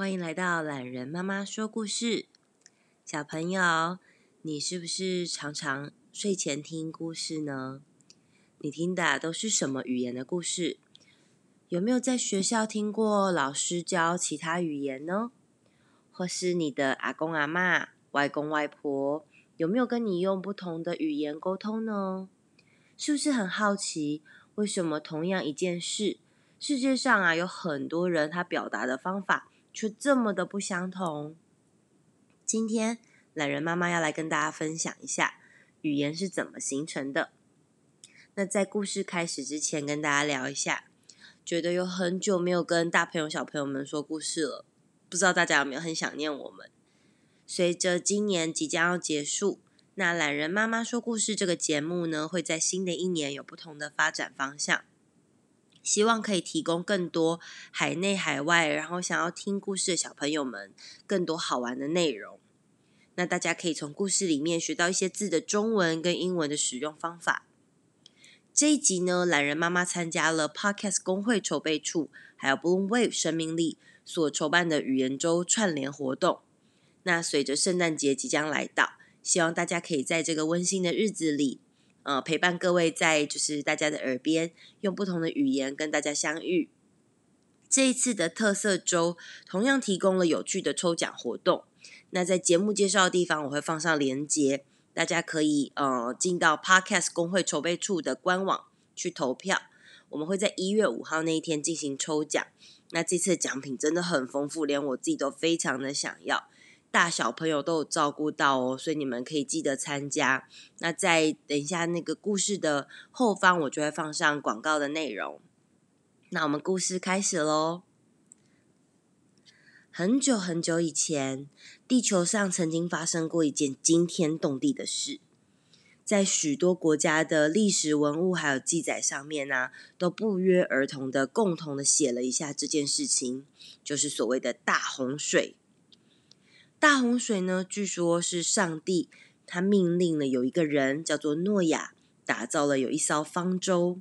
歡迎來到欖仁媽媽說故事。小朋友，你是不是常常睡前聽故事呢？你聽的都是什麼語言的故事？有沒有在學校聽過老師教其他語言呢？或是你的阿公阿嬤、外公外婆有沒有跟你用不同的語言溝通呢？是不是很好奇為什麼同樣一件事，世界上啊有很多人他表達的方法，卻這麼的不相同。今天欖仁媽媽要來跟大家分享一下語言是怎麼形成的。那在故事開始之前，跟大家聊一下，覺得有很久沒有跟大朋友、小朋友們說故事了，不知道大家有沒有很想念我們？隨着今年即將要結束，那欖仁媽媽說故事這個節目呢，會在新的一年有不同的發展方向。希望可以提供更多海內海外，然後想要聽故事的小朋友們更多好玩的內容。那大家可以從故事裡面學到一些字的中文跟英文的使用方法。這一集呢，欖仁媽媽參加了 Podcast 工會籌備處還有 BloomWave 聲命力所籌辦的語言週串聯活動。那隨着聖誕節即將來到，希望大家可以在這個溫馨的日子裡。呃，陪伴各位在就是大家的耳邊，用不同的語言跟大家相遇。這一次的特色周同樣提供了有趣的抽獎活動。那在節目介紹的地方，我會放上鏈接，大家可以呃進到 Podcast 公會籌備處的官網去投票。我們會在一月五號那一天進行抽獎。那這次獎品真的很豐富，連我自己都非常的想要。大小朋友都有照顧到哦，所以你們可以記得參加。那在等一下那個故事的後方，我就會放上廣告的內容。那我們故事開始嘍。很久很久以前，地球上曾經發生過一件驚天動地的事，在許多國家的歷史文物還有記載上面呢、啊，都不約而同的共同的寫了一下這件事情，就是所謂的大洪水。大洪水呢，據說是上帝他命令了有一個人叫做諾亞，打造了有一艘方舟。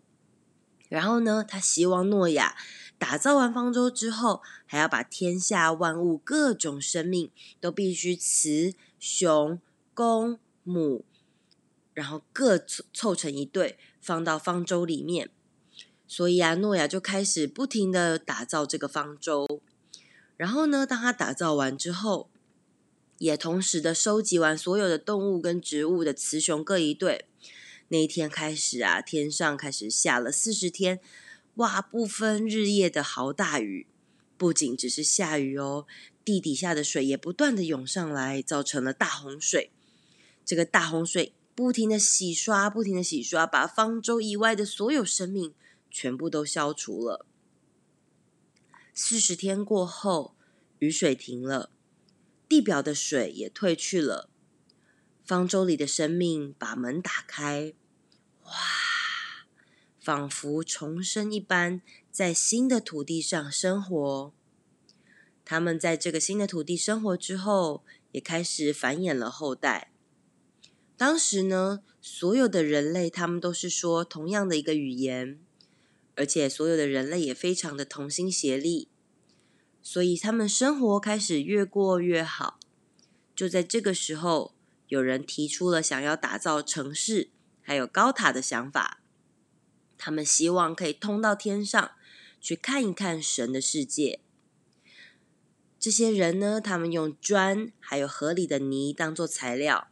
然後呢，他希望諾亞打造完方舟之後，還要把天下萬物，各種生命都必須雌雄公母，然後各湊，湊成一對，放到方舟裡面。所以啊，諾亞就開始不停的打造這個方舟。然後呢，當他打造完之後，也同時的收集完所有的動物跟植物的雌雄各一對。那一天開始啊，天上開始下了四十天，哇，不分日夜的豪大雨。不僅只是下雨哦，地底下的水也不斷的湧上來，造成了大洪水。這個大洪水不停的洗刷，不停的洗刷，把方舟以外的所有生命全部都消除了。四十天過後，雨水停了。地表的水也退去了，方舟裡的生命把門打開，哇，仿佛重生一般，在新的土地上生活。他們在這個新的土地生活之後，也開始繁衍了後代。當時呢，所有的人類他們都是說同樣的一個語言，而且所有的人類也非常的同心協力。所以他們生活開始越過越好。就在這個時候，有人提出了想要打造城市還有高塔的想法。他們希望可以通到天上，去看一看神的世界。這些人呢，他們用磚還有河裡的泥當做材料。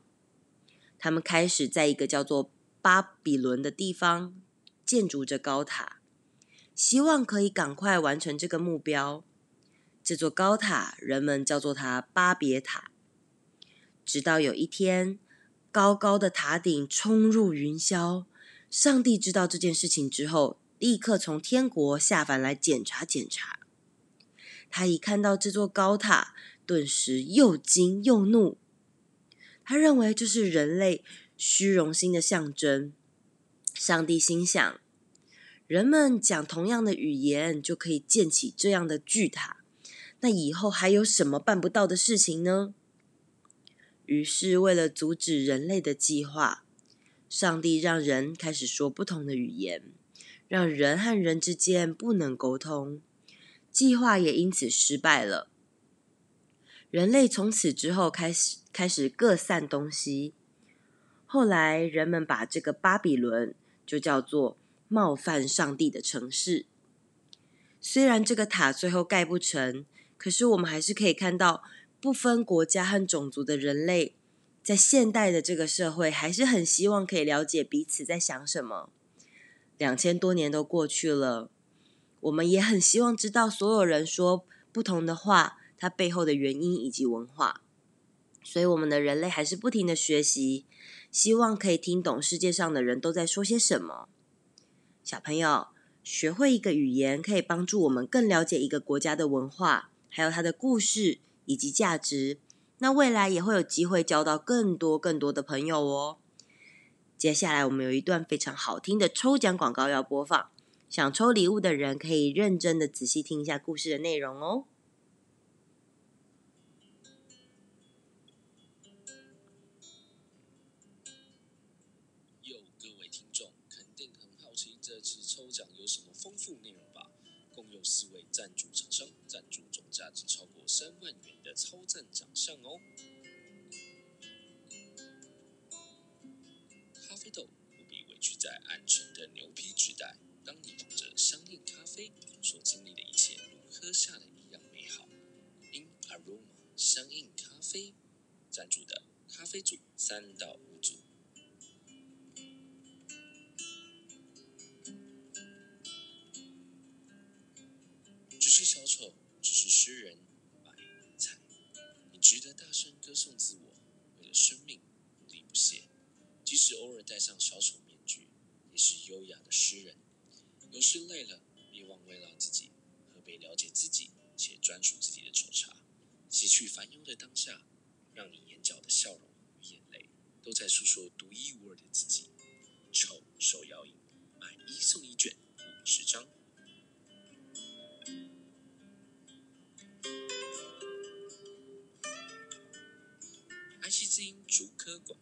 他們開始在一個叫做巴比倫的地方建築着高塔，希望可以趕快完成這個目標。這座高塔，人們叫做它巴別塔。直到有一天，高高的塔頂衝入雲霄，上帝知道這件事情之後，立刻從天國下凡來檢查檢查。他一看到這座高塔，頓時又驚又怒。他認為這是人類虛榮心的象徵。上帝心想，人們講同樣的語言，就可以建起這樣的巨塔。那以後還有什麼辦不到的事情呢？於是，為了阻止人類的計劃，上帝讓人開始說不同的語言，讓人和人之間不能溝通。計劃也因此失敗了。人類從此之後開始開始各散東西。後來，人們把這個巴比倫就叫做冒犯上帝的城市。雖然這個塔最後蓋不成。可是，我們還是可以看到，不分國家和種族的人類，在現代的這個社會，還是很希望可以了解彼此在想什麼。兩千多年都過去了，我們也很希望知道所有人說不同的話，它背後的原因以及文化。所以，我們的人類還是不停地學習，希望可以聽懂世界上的人都在說些什麼。小朋友，學會一個語言，可以幫助我們更了解一個國家的文化。還有他的故事以及價值，那未來也會有機會交到更多更多的朋友哦。接下來我們有一段非常好聽的抽獎廣告要播放，想抽禮物的人可以認真的仔細聽一下故事的內容哦。喲，各位聽眾，肯定很好奇這次抽獎有什麼豐富內容吧？四位贊助廠商贊助總價值超過三萬元的超讚獎項哦！咖啡豆不必委屈在暗沉的牛皮紙袋，當你捧着香印咖啡，所經歷的一切如喝下的一樣美好。In Aroma 香印咖啡贊助的咖啡組三到五組。戴上小丑面具，也是優雅的詩人。有時累了，別忘慰勞自己喝杯了解自己且專屬自己的丑茶。洗去煩憂的當下，讓你眼角的笑容與眼淚，都在訴說獨一無二的自己。丑手搖飲，買一送一卷五十張。IC 之音竹科廣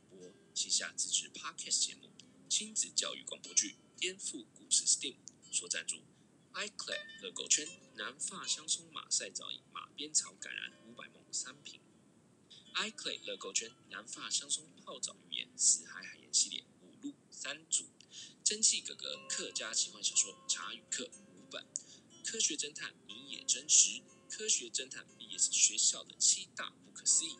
以下支持 Podcast 節目《親子教育廣播劇》顛覆故事 Steam 所贊助。iCloud 樂購圈南法香頌馬賽皂液馬鞭草橄欖五百毫升三瓶。iCloud 樂購圈南法香頌泡澡浴鹽死海海鹽系列五入三組。蒸汽格格客家奇幻小說《茶語客》五本。科學偵探謎野真實，科學偵探畢業是學校的七大不可思議。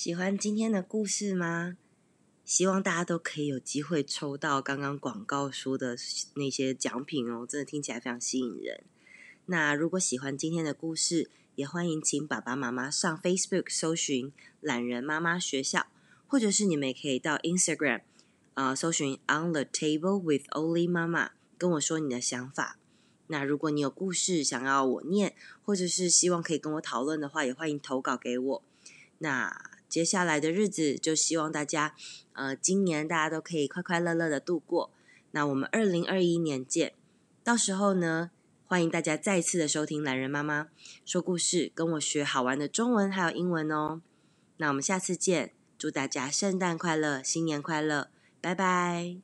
喜歡今天的故事嗎？希望大家都可以有機會抽到剛剛廣告說的那些獎品哦，真的聽起來非常吸引人。那如果喜歡今天的故事，也歡迎請爸爸媽媽上 Facebook 搜尋“欖仁媽媽學校”，或者是你們也可以到 Instagram 啊、呃、搜尋 “On the Table with Oli 媽媽”，跟我說你的想法。那如果你有故事想要我念，或者是希望可以跟我討論的話，也歡迎投稿給我。那接下來的日子，就希望大家，呃，今年大家都可以快快樂樂的度過。那我們二零二一年見，到時候呢，歡迎大家再次的收聽《欖仁媽媽說故事》，跟我學好玩的中文還有英文哦。那我們下次見，祝大家聖誕快樂，新年快樂，拜拜。